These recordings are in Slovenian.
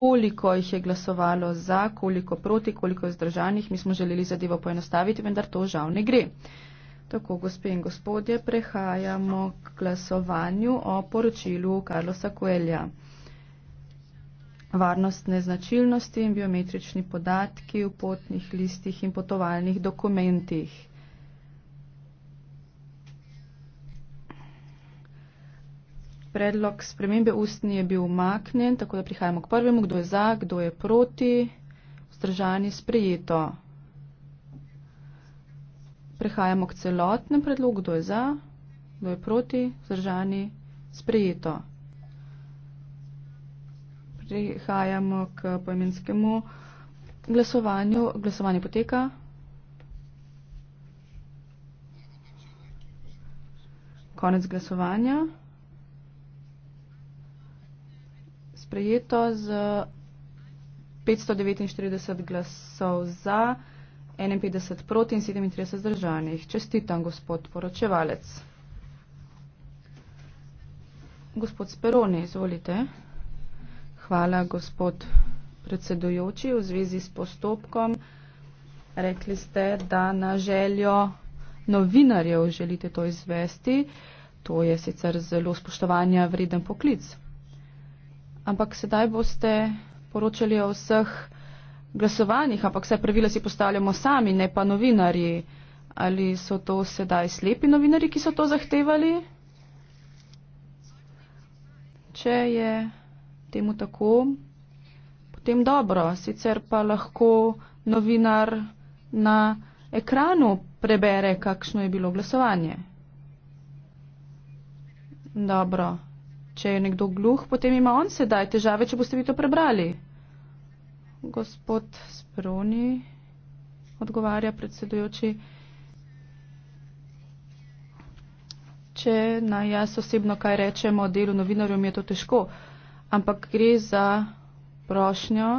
koliko jih je glasovalo za, koliko proti, koliko je zdržanih. Mi smo želeli zadevo poenostaviti, vendar to žal ne gre. Tako, gospe in gospodje, prehajamo k glasovanju o poročilu Karlosa Koelja. Varnostne značilnosti in biometrični podatki v potnih listih in potovalnih dokumentih. Predlog spremembe ustni je bil umaknjen, tako da prihajamo k prvemu, kdo je za, kdo je proti. Vzdržani sprejeto. Prehajamo k celotnem predlogu, kdo je za, kdo je proti. Vzdržani sprejeto. Prihajamo k pojmenskemu glasovanju. Glasovanje poteka. Konec glasovanja. sprejeto z 549 glasov za, 51 proti in 37 zdržanih. Čestitam, gospod poročevalec. Gospod Speroni, izvolite. Hvala, gospod predsedujoči. V zvezi s postopkom rekli ste, da na željo novinarjev želite to izvesti. To je sicer zelo spoštovanja vreden poklic ampak sedaj boste poročali o vseh glasovanjih, ampak vse pravila si postavljamo sami, ne pa novinarji. Ali so to sedaj slepi novinarji, ki so to zahtevali? Če je temu tako, potem dobro. Sicer pa lahko novinar na ekranu prebere, kakšno je bilo glasovanje. Dobro. Če je nekdo gluh, potem ima on sedaj težave, če boste vi to prebrali. Gospod Sproni, odgovarja predsedujoči. Če naj jaz osebno kaj rečem o delu novinarjev, mi je to težko, ampak gre za prošnjo,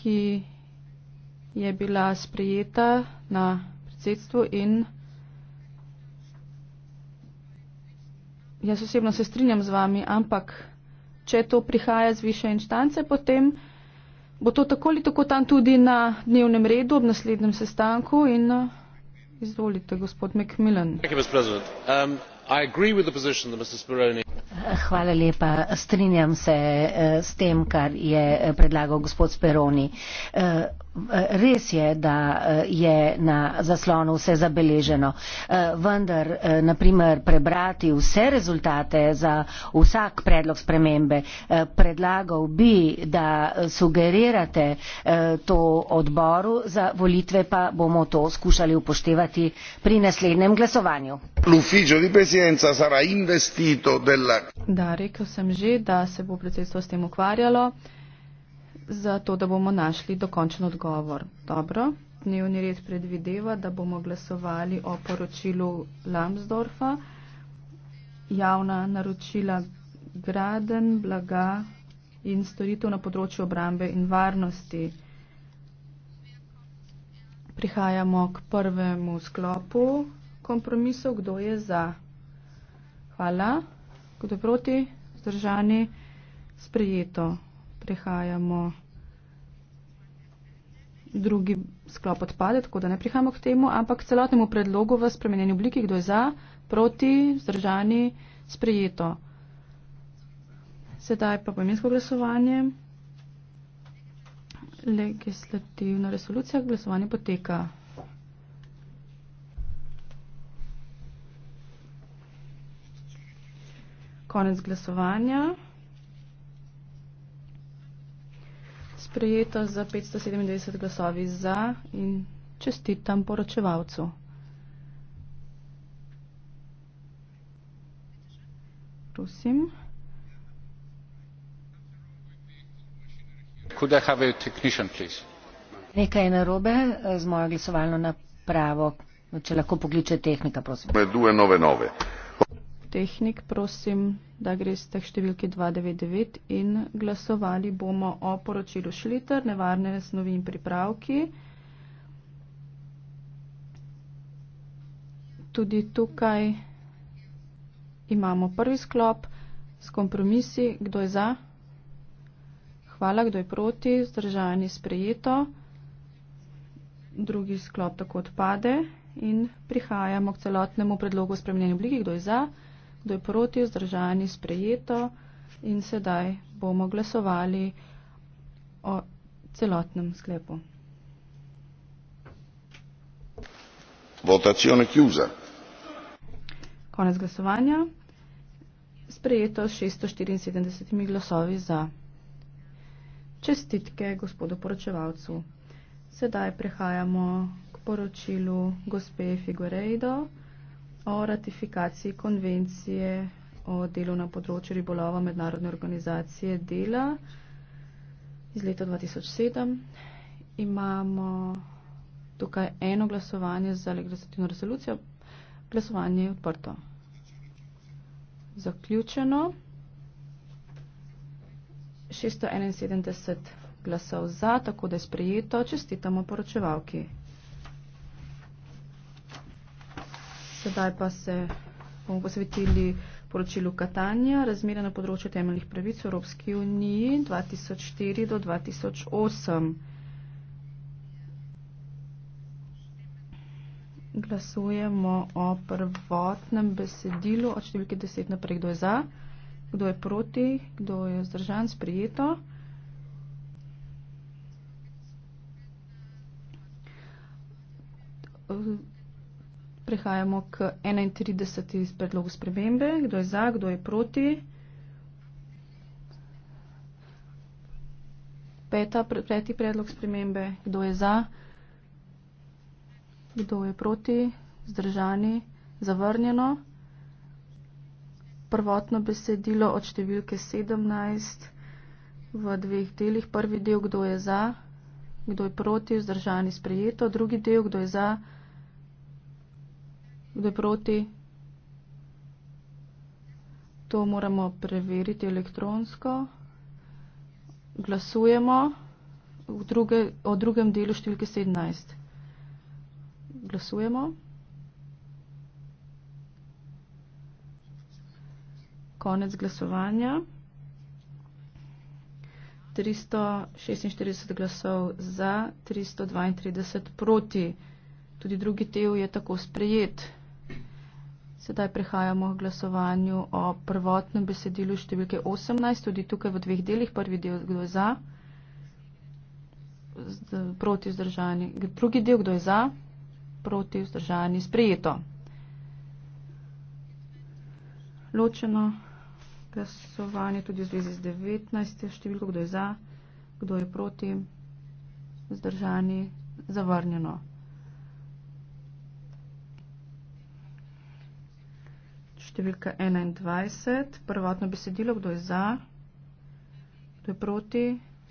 ki je bila sprejeta na predsedstvu in. Jaz osebno se strinjam z vami, ampak če to prihaja z više inštance, potem bo to tako ali tako tam tudi na dnevnem redu ob naslednjem sestanku in eh, izvolite, gospod McMillan. Um, Hvala lepa. Strinjam se eh, s tem, kar je eh, predlagal gospod Speroni. Eh, res je, da eh, je na zaslonu vse zabeleženo, eh, vendar naprimer prebrati vse rezultate za vsak predlog spremembe, predlagal bi, da sugerirate to odboru za volitve, pa bomo to skušali upoštevati pri naslednjem glasovanju. Da, rekel sem že, da se bo predsedstvo s tem ukvarjalo zato, da bomo našli dokončen odgovor. Dobro, dnevni red predvideva, da bomo glasovali o poročilu Lambsdorfa, javna naročila graden, blaga in storitev na področju obrambe in varnosti. Prihajamo k prvemu sklopu kompromisov, kdo je za. Hvala, kdo je proti, zdržani, sprejeto prihajamo drugi sklop odpade, tako da ne prihajamo k temu, ampak celotnemu predlogu v spremenjeni obliki, kdo je za, proti, zdržani, sprejeto. Sedaj pa pojemensko glasovanje. Legislativna resolucija, glasovanje poteka. Konec glasovanja. sprejeto za 597 glasovi za in čestitam poročevalcu. Prosim. Could I have a technician, please? Nekaj je narobe z mojo glasovalno napravo. Če lahko pokliče tehnika, prosim. Me duje nove nove. Tehnik, prosim da greste k številki 299 in glasovali bomo o poročilu Šliter, nevarne snovi in pripravki. Tudi tukaj imamo prvi sklop s kompromisi, kdo je za, hvala, kdo je proti, zdržanje sprejeto, drugi sklop tako odpade in prihajamo k celotnemu predlogu spremenjenja obliki, kdo je za, hvala, kdo je proti, zdržanje sprejeto da je proti vzdržani sprejeto in sedaj bomo glasovali o celotnem sklepu. Votacijone kjuza. Konec glasovanja. Sprejeto s 674 glasovi za. Čestitke gospodu poročevalcu. Sedaj prehajamo k poročilu gospe Figurejdo o ratifikaciji konvencije o delu na področju ribolova Mednarodne organizacije dela iz leta 2007. Imamo tukaj eno glasovanje za legislativno resolucijo. Glasovanje je odprto. Zaključeno. 671 glasov za, tako da je sprejeto. Čestitamo poročevalki. Sedaj pa se bomo posvetili poročilu Katanja, razmere na področju temeljnih pravic v Evropski uniji 2004 do 2008. Glasujemo o prvotnem besedilu od številke 10 naprej, kdo je za, kdo je proti, kdo je zdržan, sprijeto. Uh, Prehajamo k 31. predlogu spremembe. Kdo je za, kdo je proti? Peta, peti predlog spremembe. Kdo je za, kdo je proti? Zdržani, zavrnjeno. Prvotno besedilo od številke 17 v dveh delih. Prvi del, kdo je za, kdo je proti, vzdržani, sprejeto. Drugi del, kdo je za, kdo je proti. Kdo je proti? To moramo preveriti elektronsko. Glasujemo druge, o drugem delu številke 17. Glasujemo. Konec glasovanja. 346 glasov za, 332 proti. Tudi drugi del je tako sprejet. Sedaj prehajamo k glasovanju o prvotnem besedilu številke 18, tudi tukaj v dveh delih. Prvi del, kdo je za, proti vzdržani. Drugi del, kdo je za, proti vzdržani. Sprejeto. Ločeno glasovanje tudi v zvezi z 19 številko, kdo je za, kdo je proti, vzdržani, zavrnjeno. številka 21. Prvotno besedilo, kdo je za, kdo je proti,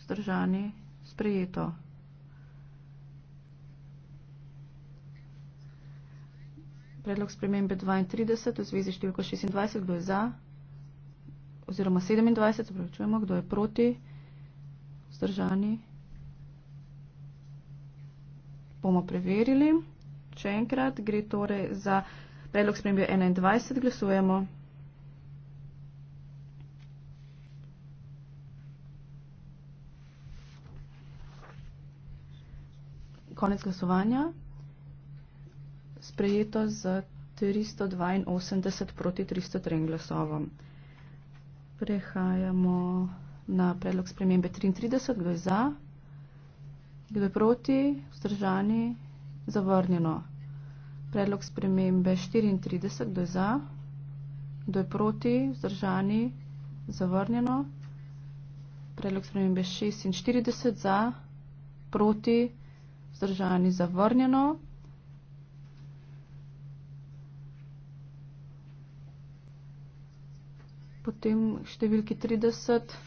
zdržani, sprejeto. Predlog spremembe 32 v zvezi številko 26, kdo je za, oziroma 27, zapravičujemo, kdo je proti, zdržani, bomo preverili. Če enkrat gre torej za Predlog spremembe 21 glasujemo. Konec glasovanja. Sprejeto z 382 proti 303 glasovom. Prehajamo na predlog spremembe 33. Kdo je za? Kdo je proti? Vzdržani? Zavrnjeno predlog spremembe 34, kdo je za, kdo je proti, vzdržani, zavrnjeno. Predlog spremembe 46 za, proti, vzdržani, zavrnjeno. Potem številki 30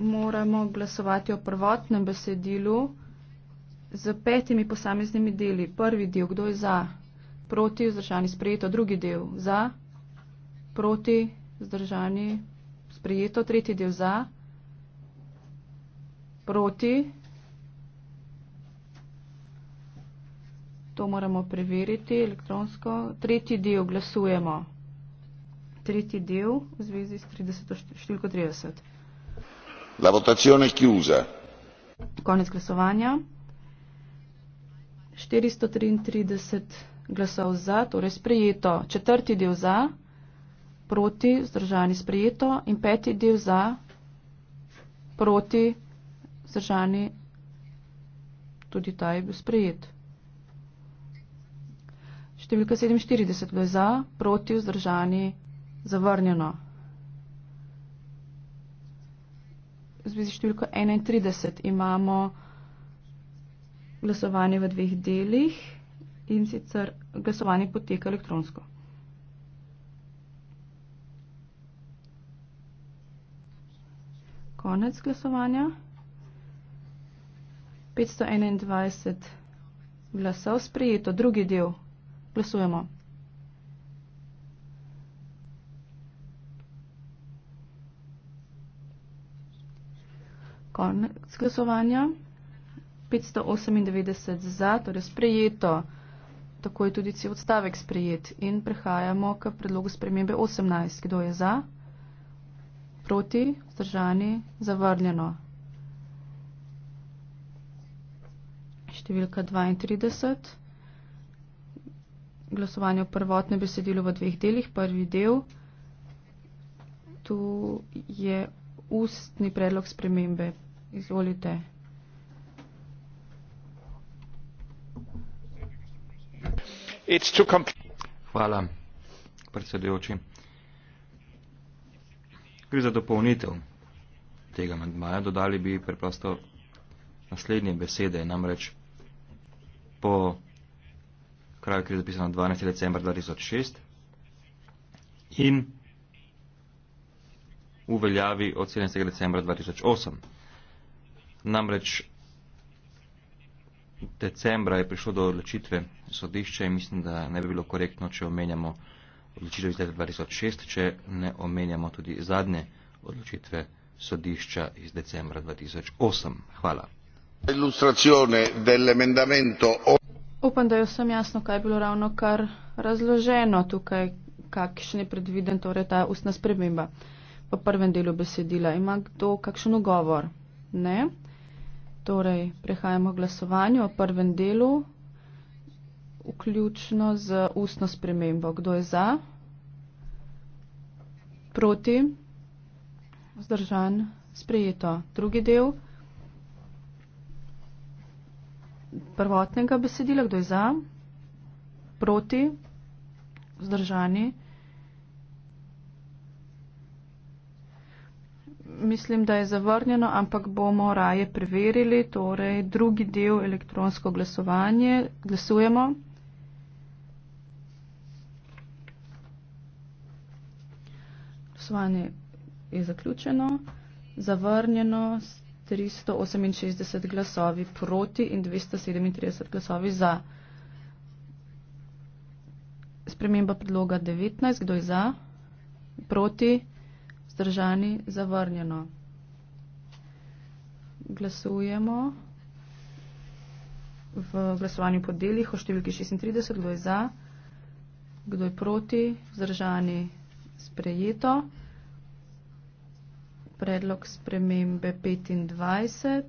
moramo glasovati o prvotnem besedilu z petimi posameznimi deli. Prvi del, kdo je za, proti, vzdržani, sprejeto, drugi del za, proti, vzdržani, sprejeto, tretji del za, proti. To moramo preveriti elektronsko. Tretji del glasujemo. Tretji del v zvezi s 30, številko 30. La votazione chiusa. Konec glasovanja. 433 glasov za, torej sprejeto. Četrti del za, proti, zdržani sprejeto in peti del za, proti, zdržani tudi ta je bil sprejet. Številka 47 je za, proti, vzdržani, zavrnjeno. V zvezi številko 31 imamo glasovanje v dveh delih in sicer glasovanje poteka elektronsko. Konec glasovanja. 521 glasov sprejeto. Drugi del. Glasujemo. Konec glasovanja. 598 za, torej sprejeto tako je tudi cel odstavek sprejet in prehajamo k predlogu spremembe 18. Kdo je za? Proti? Zdržani? Zavrnjeno. Številka 32. Glasovanje o prvotnem besedilu v dveh delih. Prvi del. Tu je ustni predlog spremembe. Izvolite. Hvala, predsedujoči. Gre za dopolnitev tega amandmaja. Dodali bi preprosto naslednje besede, namreč po kraju, ki je zapisano 12. decembar 2006 in uveljavi od 17. decembra 2008. Namreč decembra je prišlo do odločitve sodišče in mislim, da ne bi bilo korektno, če omenjamo odločitev iz leta 2006, če ne omenjamo tudi zadnje odločitve sodišča iz decembra 2008. Hvala. Ilustracione dell'emendamento. Upam, da je vsem jasno, kaj je bilo ravno kar razloženo tukaj, kakšen je predviden torej ta ustna sprememba. V prvem delu besedila ima kdo kakšen ugovor? Ne. Torej, prehajamo k glasovanju o prvem delu vključno z ustno spremembo. Kdo je za? Proti? Zdržan? Sprejeto. Drugi del prvotnega besedila. Kdo je za? Proti? Zdržani? Mislim, da je zavrnjeno, ampak bomo raje preverili. Torej, drugi del elektronsko glasovanje. Glasujemo. Sojenje je zaključeno, zavrnjeno s 368 glasovi proti in 237 glasovi za. Sprememba predloga 19, kdo je za, proti, zdržani, zavrnjeno. Glasujemo v glasovanju po delih o številki 36, kdo je za, kdo je proti, zdržani, sprejeto. Predlog spremembe 25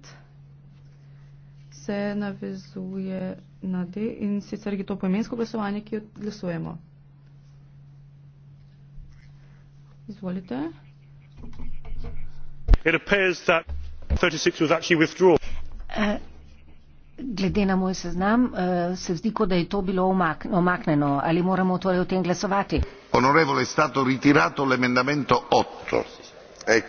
se navezuje na D in sicer je to pomensko glasovanje, ki odglasujemo. Izvolite. It appears that 36 was actually withdrawn glede na moj seznam, eh, se zdi, kot da je to bilo omaknjeno. Ali moramo torej o tem glasovati? E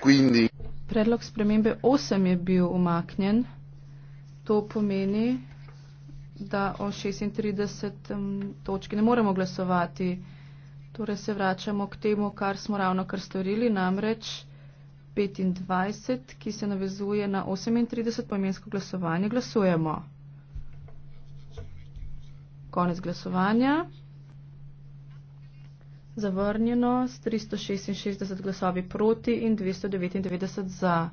Predlog spremembe 8 je bil omaknjen. To pomeni, da o 36. točki ne moremo glasovati. Torej se vračamo k temu, kar smo ravno kar storili, namreč 25, ki se navezuje na 38 pomensko glasovanje. Glasujemo. Konec glasovanja. Zavrnjeno s 366 glasovi proti in 299 za.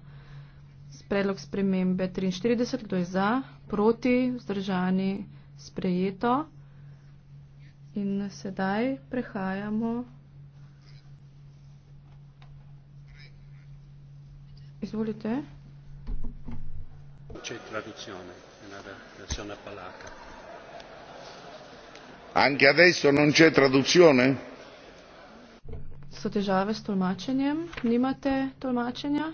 Predlog spremembe 43, kdo je za, proti, vzdržani, sprejeto. In sedaj prehajamo. Izvolite. Če je tradicione, ena tradicionalna palaka anche adesso non c'è traduzione? So težave s tolmačenjem. Nimate tolmačenja?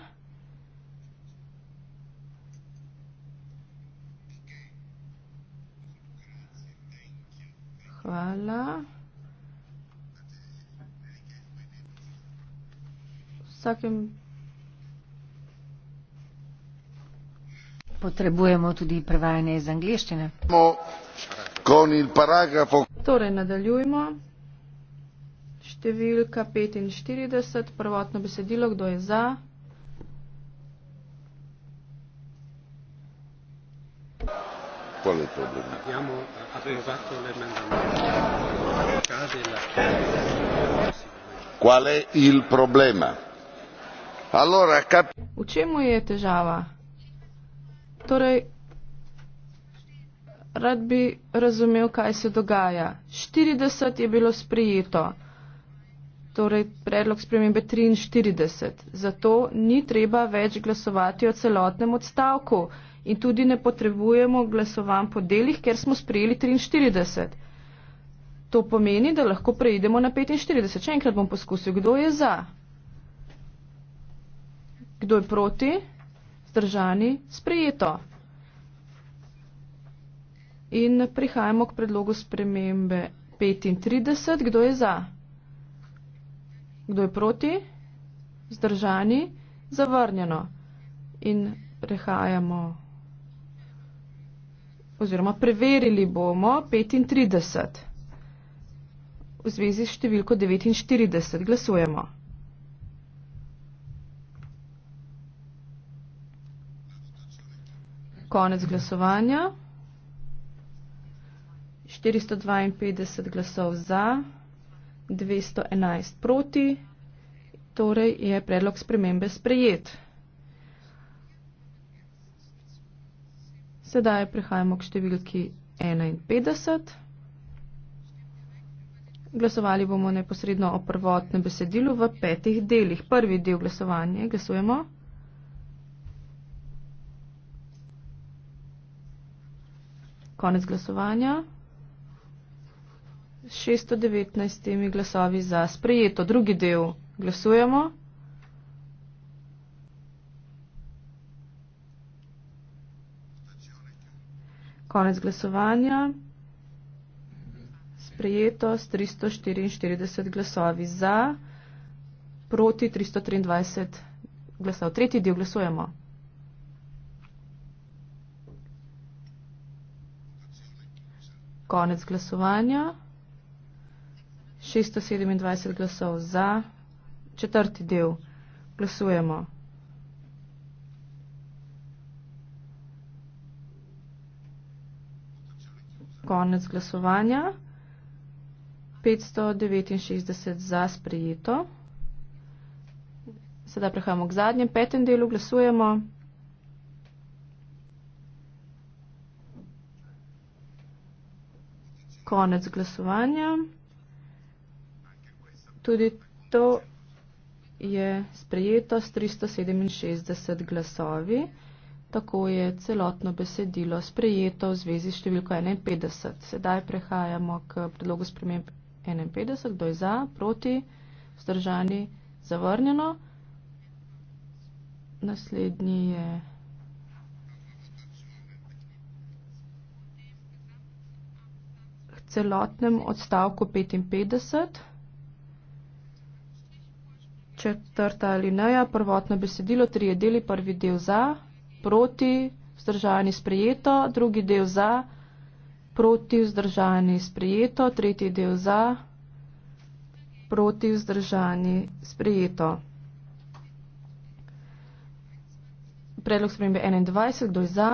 Hvala. Vsakem potrebujemo tudi prevajanje iz angleščine. Con il paragrafo Torej, nadaljujmo. Številka 45, prvotno besedilo, kdo je za? Qual è il problema? Abbiamo approvato l'emendamento. Qual è il problema? Allora, cap- U čemu je težava? Torej, rad bi razumel, kaj se dogaja. 40 je bilo sprijeto, torej predlog spremembe 43. Zato ni treba več glasovati o celotnem odstavku in tudi ne potrebujemo glasovan po delih, ker smo sprijeli 43. To pomeni, da lahko preidemo na 45. Še enkrat bom poskusil, kdo je za. Kdo je proti? Zdržani? Sprijeto. In prihajamo k predlogu spremembe 35. Kdo je za? Kdo je proti? Zdržani? Zavrnjeno. In prehajamo. Oziroma preverili bomo 35 v zvezi s številko 49. Glasujemo. Konec glasovanja. 452 glasov za, 211 proti, torej je predlog spremembe sprejet. Sedaj prehajamo k številki 51. Glasovali bomo neposredno o prvotnem besedilu v petih delih. Prvi del glasovanja glasujemo. Konec glasovanja. 619 glasovi za sprejeto. Drugi del glasujemo. Konec glasovanja. Sprejeto s 344 glasovi za, proti 323 glasov. Tretji del glasujemo. Konec glasovanja. 627 glasov za. Četrti del. Glasujemo. Konec glasovanja. 569 za sprejeto. Sedaj prehajamo k zadnjem, petem delu. Glasujemo. Konec glasovanja. Tudi to je sprejeto s 367 glasovi, tako je celotno besedilo sprejeto v zvezi s številko 51. Sedaj prehajamo k predlogu sprememb 51, kdo je za, proti, vzdržani, zavrnjeno. Naslednji je. celotnem odstavku 55 četrta alineja, prvotno besedilo, trije deli, prvi del za, proti, vzdržani sprejeto, drugi del za, proti, vzdržani sprejeto, tretji del za, proti, vzdržani sprejeto. Predlog spremembe 21, kdo je za,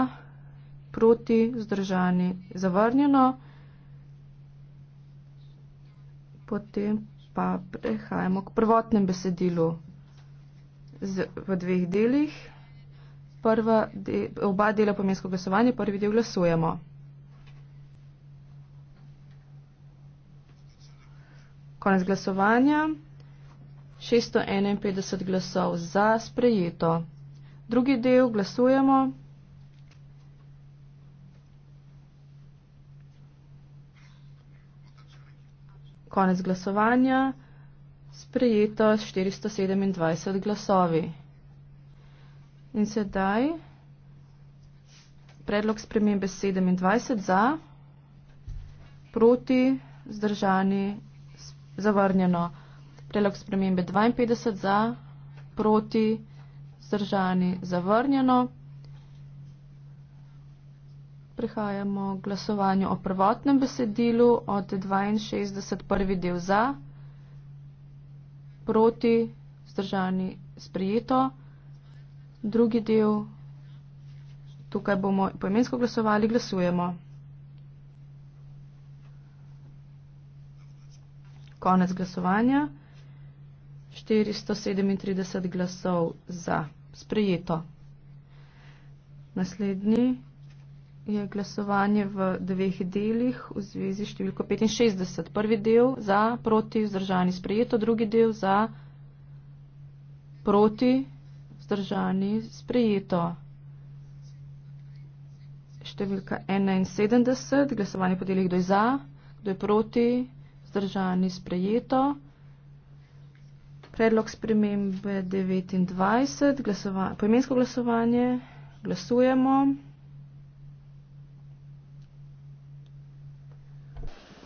proti, vzdržani zavrnjeno. Potem pa prehajamo k prvotnem besedilu z, v dveh delih. Prva de, oba dela pomensko glasovanje, prvi del glasujemo. Konec glasovanja. 651 glasov za sprejeto. Drugi del glasujemo. Konec glasovanja. Sprejeto s 427 glasovi. In sedaj predlog spremembe 27 za, proti, zdržani, zavrnjeno. Predlog spremembe 52 za, proti, zdržani, zavrnjeno prihajamo k glasovanju o prvotnem besedilu od 62 prvi del za, proti, zdržani, sprijeto, drugi del, tukaj bomo poimensko glasovali, glasujemo. Konec glasovanja, 437 glasov za, sprijeto. Naslednji je glasovanje v dveh delih v zvezi številko 65. Prvi del za, proti, vzdržani, sprejeto. Drugi del za, proti, vzdržani, sprejeto. Številka 71, glasovanje po delih, kdo je za, kdo je proti, vzdržani, sprejeto. Predlog spremembe 29, glasova, poimensko glasovanje, glasujemo.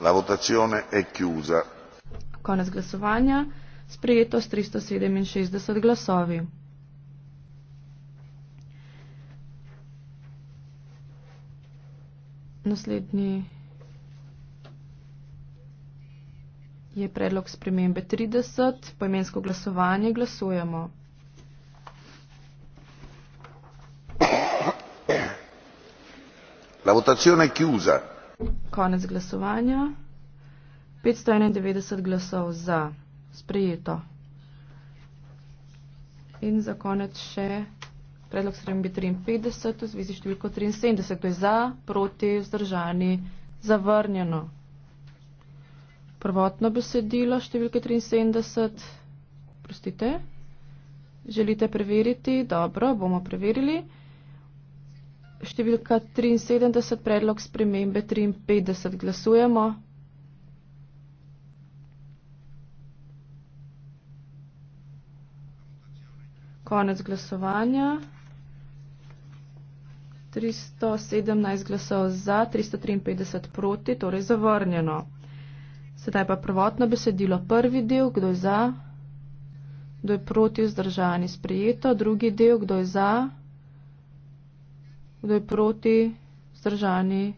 La votazione è chiusa. Konec glasovanja. Sprejeto s 367 glasovi. Naslednji je predlog spremembe 30. Poimensko glasovanje glasujemo. La votazione è chiusa konec glasovanja. 591 glasov za. Sprejeto. In za konec še predlog 753 v zvezi številko 73. To je za, proti, vzdržani, zavrnjeno. Prvotno besedilo številke 73. Prostite. Želite preveriti? Dobro, bomo preverili številka 73, predlog spremembe 53, glasujemo. Konec glasovanja. 317 glasov za, 353 proti, torej zavrnjeno. Sedaj pa prvotno besedilo, prvi del, kdo je za, kdo je proti, vzdržani, sprejeto, drugi del, kdo je za kdo je proti, zdržani,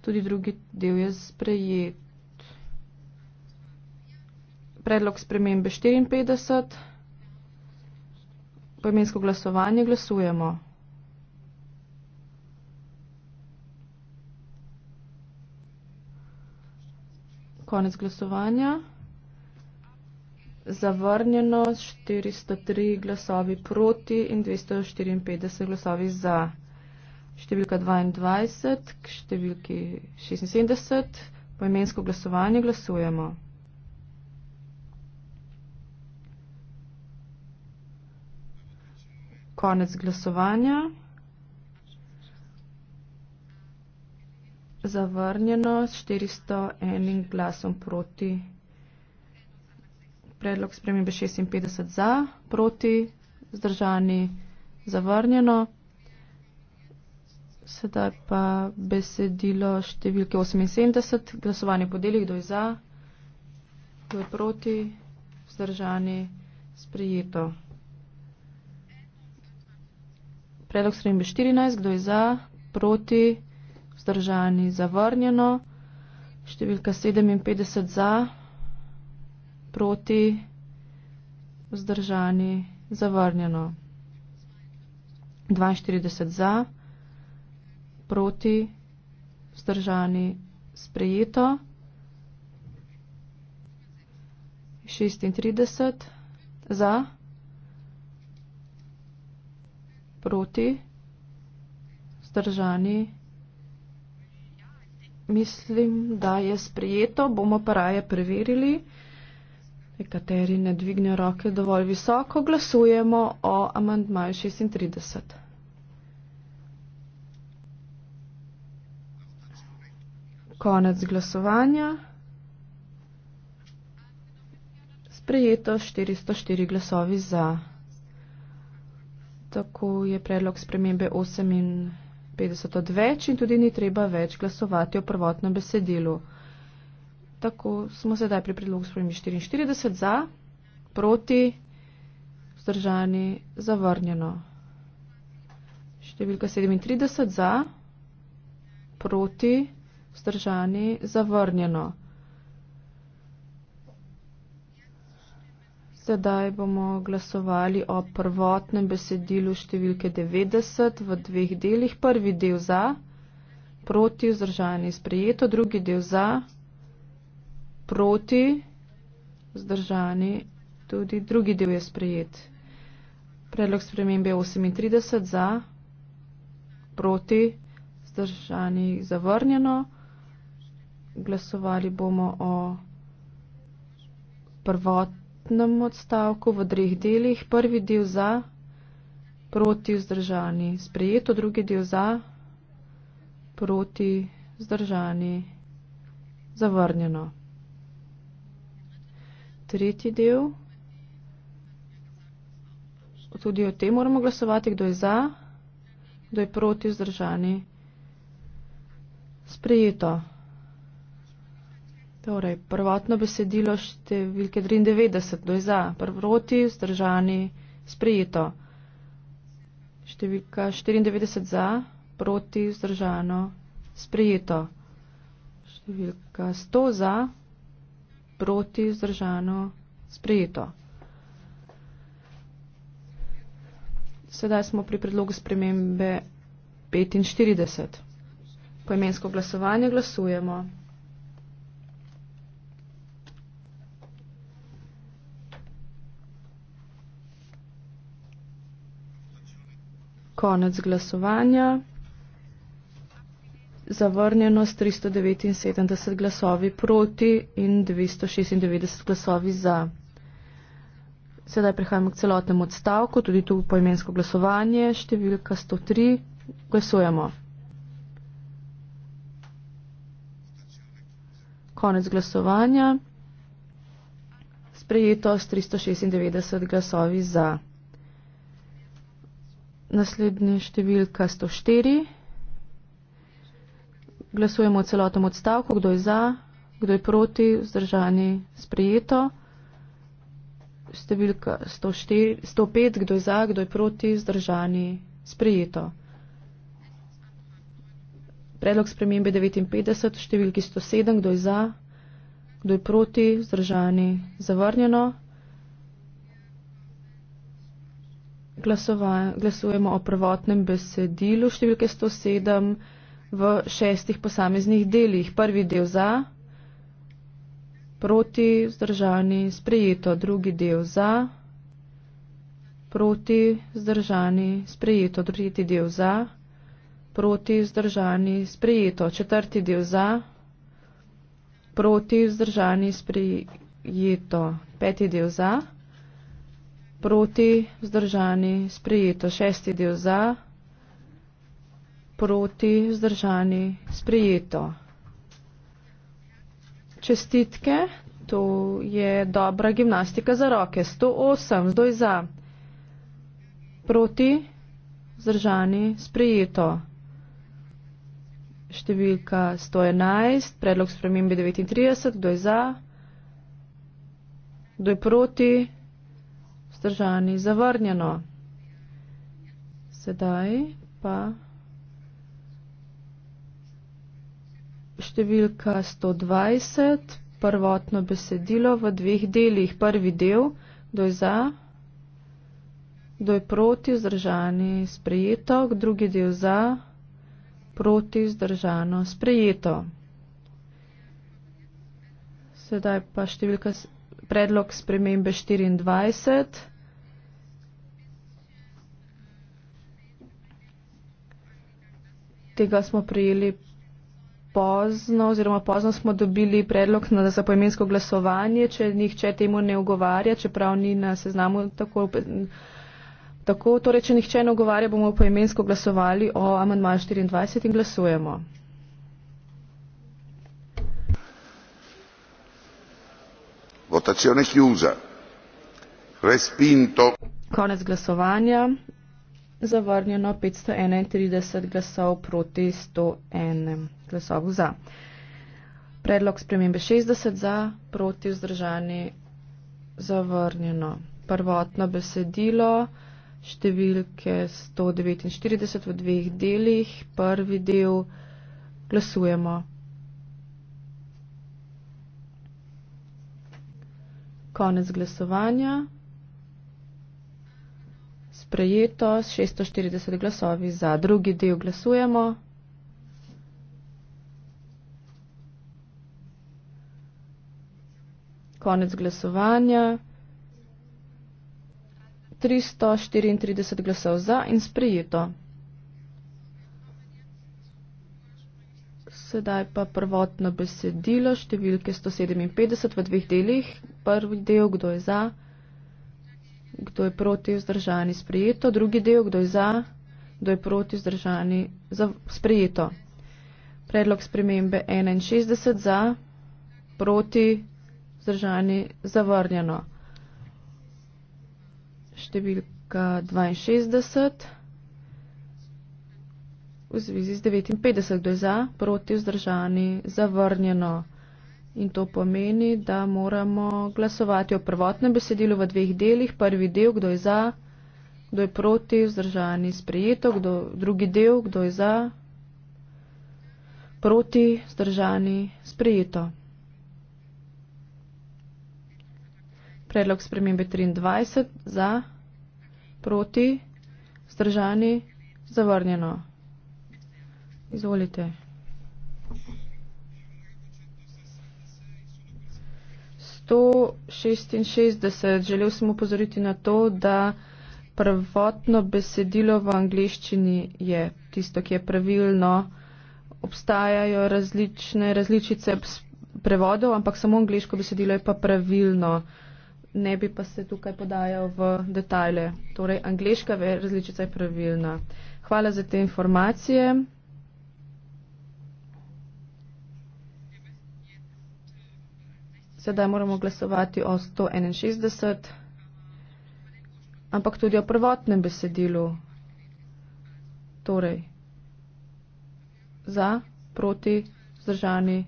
tudi drugi del je sprejet. Predlog spremembe 54. Pojemensko glasovanje glasujemo. Konec glasovanja. Zavrnjeno 403 glasovi proti in 254 glasovi za številka 22 k številki 76, po imensko glasovanje glasujemo. Konec glasovanja. Zavrnjeno s 401 glasom proti. Predlog spremembe 56 za, proti, zdržani, zavrnjeno. Sedaj pa besedilo številke 78, glasovanje po delih, kdo je za, kdo je proti, vzdržani, sprejeto. Predlog srednje 14, kdo je za, proti, vzdržani, zavrnjeno. Številka 57 za, proti, vzdržani, zavrnjeno. 42 za proti, vzdržani, sprejeto. 36 za, proti, vzdržani. Mislim, da je sprejeto, bomo pa raje preverili. Nekateri ne dvignejo roke dovolj visoko, glasujemo o amandmaju 36. konec glasovanja. Sprejeto 404 glasovi za. Tako je predlog spremembe 58 odveč in tudi ni treba več glasovati o prvotnem besedilu. Tako smo sedaj pri predlogu spremembe 44 za, proti, vzdržani, zavrnjeno. Številka 37 za, proti vzdržani, zavrnjeno. Sedaj bomo glasovali o prvotnem besedilu številke 90 v dveh delih. Prvi del za, proti, vzdržani, sprejeto. Drugi del za, proti, vzdržani, tudi drugi del je sprejet. Predlog spremembe 38 za, proti, vzdržani, zavrnjeno glasovali bomo o prvotnem odstavku v dveh delih. Prvi del za, proti vzdržani. Sprejeto, drugi del za, proti vzdržani. Zavrnjeno. Tretji del. Tudi o tem moramo glasovati, kdo je za, kdo je proti vzdržani. Sprejeto. Torej, prvotno besedilo številke 93, to je za, prvroti, vzdržani, sprejeto. Številka 94 za, proti, vzdržano, sprejeto. Številka 100 za, proti, vzdržano, sprejeto. Sedaj smo pri predlogu spremembe 45. Po imensko glasovanje glasujemo. konec glasovanja. Zavrnjeno s 379 glasovi proti in 296 glasovi za. Sedaj prehajamo k celotnemu odstavku, tudi tu poimensko glasovanje, številka 103. Glasujemo. Konec glasovanja. Sprejeto s 396 glasovi za naslednja številka 104. Glasujemo o celotnem odstavku, kdo je za, kdo je proti, vzdržani, sprejeto. Številka 104, 105, kdo je za, kdo je proti, vzdržani, sprejeto. Predlog spremembe 59, številki 107, kdo je za, kdo je proti, vzdržani, zavrnjeno. glasujemo o prvotnem besedilu številke 107 v šestih posameznih delih. Prvi del za, proti, zdržani, sprejeto. Drugi del za, proti, zdržani, sprejeto. Tretji del za, proti, zdržani, sprejeto. Četrti del za, proti, zdržani, sprejeto. Peti del za. Proti, vzdržani, sprejeto. Šesti del za. Proti, vzdržani, sprejeto. Čestitke, to je dobra gimnastika za roke. 108, zdoj za. Proti, vzdržani, sprejeto. Številka 111, predlog spremembe 39, kdo je za, kdo je proti, vzdržani, zavrnjeno. Sedaj pa številka 120, prvotno besedilo v dveh delih. Prvi del, kdo je za, kdo je proti, vzdržani, sprejeto, drugi del za, proti, vzdržano, sprejeto. Sedaj pa številka predlog spremembe 24. tega smo prijeli pozno oziroma pozno smo dobili predlog na, za poimensko glasovanje, če nihče temu ne ugovarja, čeprav ni na seznamu tako. Tako, torej, če nihče ne ugovarja, bomo poimensko glasovali o amandmaju 24 in glasujemo. Votazione chiusa. Respinto. Konec glasovanja zavrnjeno 531 glasov proti 101 glasov za. Predlog spremembe 60 za, proti vzdržani zavrnjeno. Prvotno besedilo številke 149 v dveh delih, prvi del glasujemo. Konec glasovanja sprejeto s 640 glasovi za. Drugi del glasujemo. Konec glasovanja. 334 glasov za in sprejeto. Sedaj pa prvotno besedilo številke 157 v dveh delih. Prvi del, kdo je za kdo je proti vzdržani sprejeto, drugi del, kdo je za, kdo je proti vzdržani za, sprejeto. Predlog spremembe 61 za, proti vzdržani zavrnjeno. Številka 62 v zvezi z 59, kdo je za, proti vzdržani zavrnjeno. In to pomeni, da moramo glasovati o prvotnem besedilu v dveh delih. Prvi del, kdo je za, kdo je proti, vzdržani sprejeto, kdo, drugi del, kdo je za, proti, vzdržani sprejeto. Predlog spremembe 23 za, proti, vzdržani zavrnjeno. Izvolite. 166 želel sem upozoriti na to, da prvotno besedilo v angliščini je tisto, ki je pravilno. Obstajajo različne različice prevodov, ampak samo angliško besedilo je pa pravilno. Ne bi pa se tukaj podajal v detajle. Torej, angliška različica je pravilna. Hvala za te informacije. Sedaj moramo glasovati o 161, ampak tudi o prvotnem besedilu. Torej, za, proti, zdržani,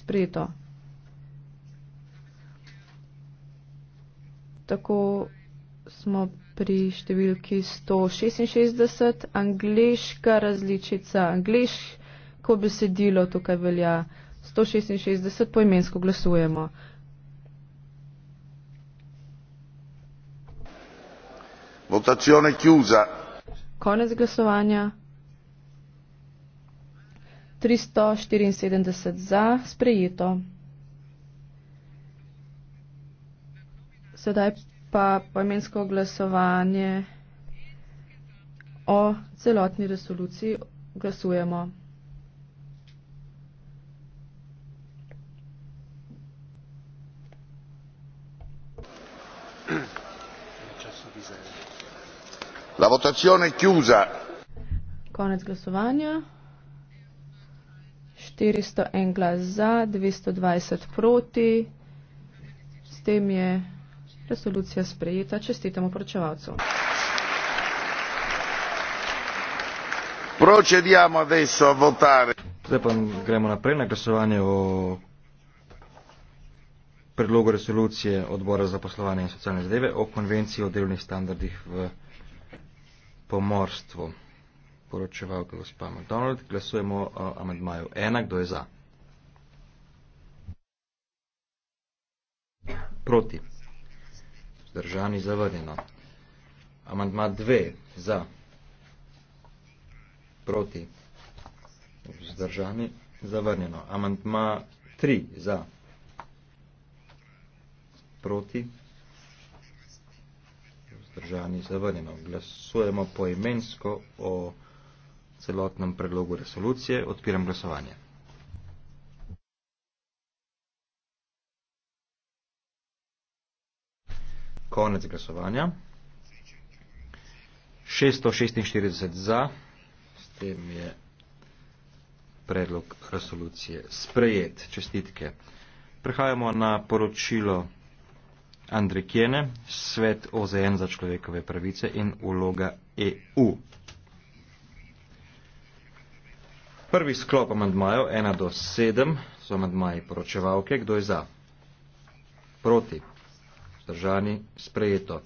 sprejeto. Tako smo pri številki 166, angliška različica, angliško besedilo tukaj velja. 166 poimensko glasujemo. Votazione chiusa. Konec glasovanja. 374 za, sprejeto. Sedaj pa poimensko glasovanje o celotni resoluciji glasujemo. votazione è chiusa. Konec glasovanja. 401 glas za, 220 proti. S tem je resolucija sprejeta. Čestitamo poročevalcu. Procediamo adesso a votare. Zdaj pa gremo naprej na glasovanje o predlogu resolucije odbora za poslovanje in socialne zadeve o konvenciji o delovnih standardih v pomorstvu. Poročeval ga gospa McDonald. Glasujemo o amedmaju. Ena, kdo je za? Proti. Zdržani zavadjeno. Amandma dve, za. Proti. Zdržani, zavrnjeno. Amandma 3, za. Proti vzdržani zavrnjeno. Glasujemo poimensko o celotnem predlogu resolucije. Odpiram glasovanje. Konec glasovanja. 646 za. S tem je predlog resolucije sprejet. Čestitke. Prehajamo na poročilo resolucije. Andrikjene, svet OZN za človekove pravice in uloga EU. Prvi sklop amandmajev 1 do 7 so amandmaji poročevalke, kdo je za? Proti. Zdržani sprejeto.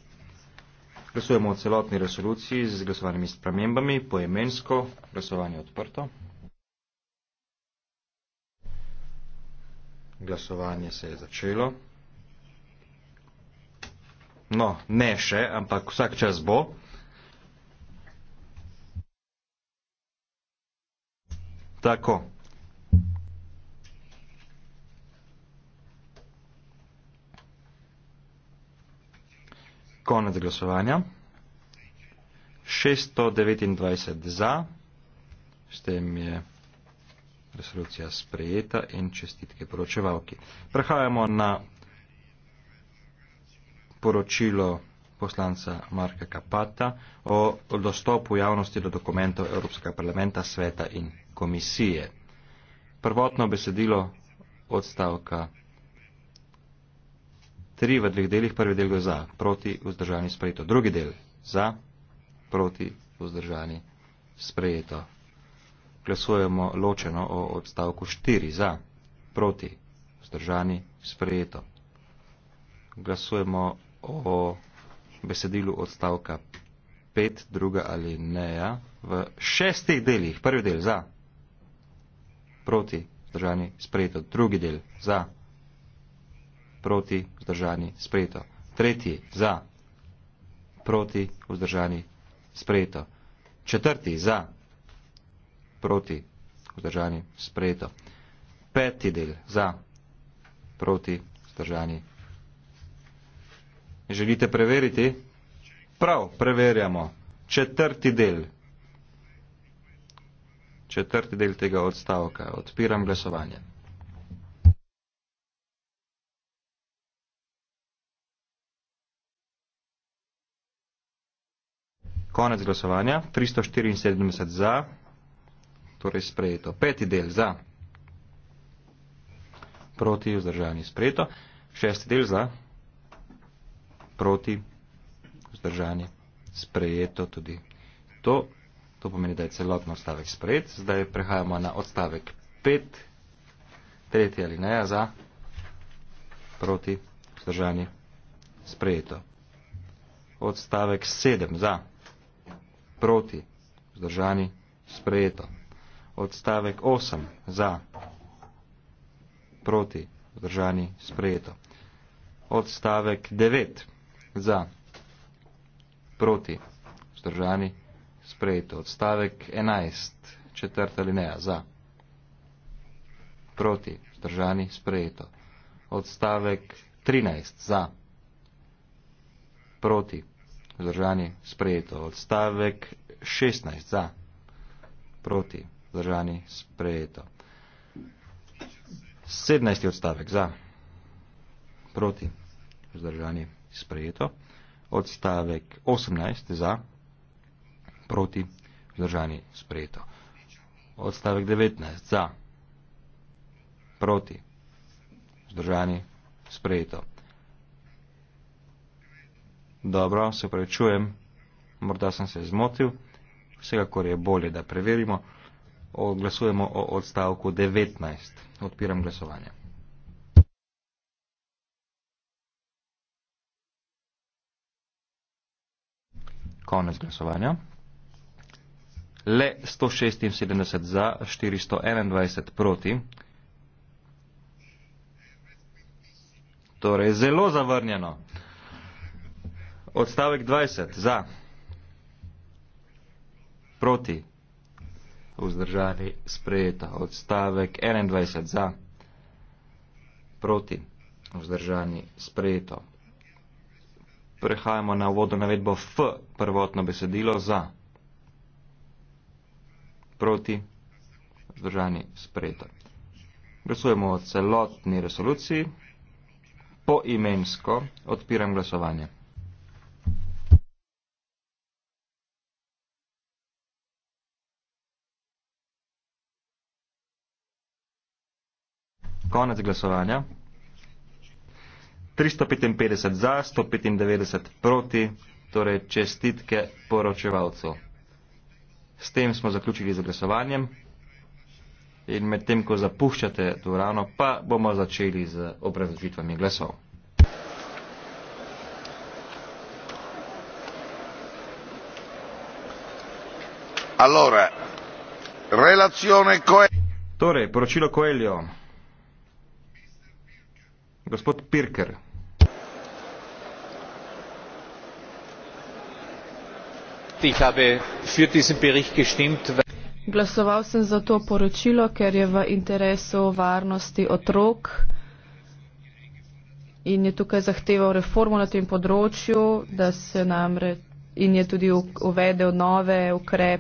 Glasujemo o celotni resoluciji z glasovanimi spremembami, poemensko, glasovanje odprto. Glasovanje se je začelo. No, ne še, ampak vsak čas bo. Tako. Konec glasovanja. 629 za. S tem je resolucija sprejeta in čestitke poročevalki. Prehajamo na poročilo poslanca Marka Kapata o dostopu javnosti do dokumentov Evropskega parlamenta, sveta in komisije. Prvotno besedilo odstavka tri v dveh delih, prvi del za, proti, vzdržani, sprejeto, drugi del za, proti, vzdržani, sprejeto. Glasujemo ločeno o odstavku štiri za, proti, vzdržani, sprejeto. Glasujemo o besedilu odstavka 5, druga ali neja, v šestih delih. Prvi del za, proti, zdržani, sprejeto. Drugi del za, proti, zdržani, sprejeto. Tretji za, proti, vzdržani, sprejeto. Četrti za, proti, vzdržani, sprejeto. Peti del za, proti, vzdržani, sprejeto. Želite preveriti? Prav, preverjamo. Četrti del. Četrti del tega odstavka. Odpiram glasovanje. Konec glasovanja. 374 za. Torej sprejeto. Peti del za. Proti vzdržani sprejeto. Šesti del za proti, vzdržani, sprejeto tudi to. To pomeni, da je celotno odstavek sprejet. Zdaj prehajamo na odstavek 5, tretja alineja za, proti, vzdržani, sprejeto. Odstavek 7 za, proti, vzdržani, sprejeto. Odstavek 8 za, proti, vzdržani, sprejeto. Odstavek 9 za, za, proti, vzdržani, sprejeto. Odstavek 11, četrta linija, za, proti, vzdržani, sprejeto. Odstavek 13, za, proti, vzdržani, sprejeto. Odstavek 16, za, proti, vzdržani, sprejeto. 17. odstavek za, proti, vzdržani, sprejeto sprejeto, odstavek 18 za, proti, vzdržani, sprejeto. Odstavek 19 za, proti, vzdržani, sprejeto. Dobro, se prečujem, morda sem se zmotil, vsekakor je bolje, da preverimo. Glasujemo o odstavku 19. Odpiram glasovanje. konec glasovanja. Le 176 za, 421 proti. Torej, zelo zavrnjeno. Odstavek 20 za, proti, vzdržani, sprejeta. Odstavek 21 za, proti, vzdržani, sprejeto prehajamo na vodo navedbo F, prvotno besedilo za, proti, vzdržani, sprejeto. Glasujemo o celotni resoluciji. Po imensko odpiram glasovanje. Konec glasovanja. 355 za, 195 proti, torej čestitke poročevalcu. S tem smo zaključili z glasovanjem in medtem, ko zapuščate dvorano, pa bomo začeli z obrazložitvami glasov. Allora, relazione Coelho. Torej, poročilo Coelho. Gospod Pirker. Glasoval sem za to poročilo, ker je v interesu varnosti otrok in je tukaj zahteval reformo na tem področju, da se namreč in je tudi uvedel nove ukrepe.